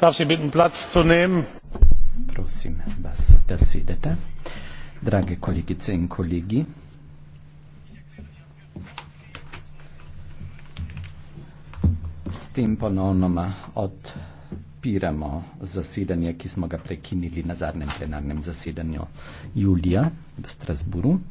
darf sie bitten platz zu nehmen. prosim vas da sedete. drage kolegice in kolegi. s tem ponovno odpiramo zasedanje, ki smo ga prekinili na zadnjem plenarnem zasedanju julija v strasburu.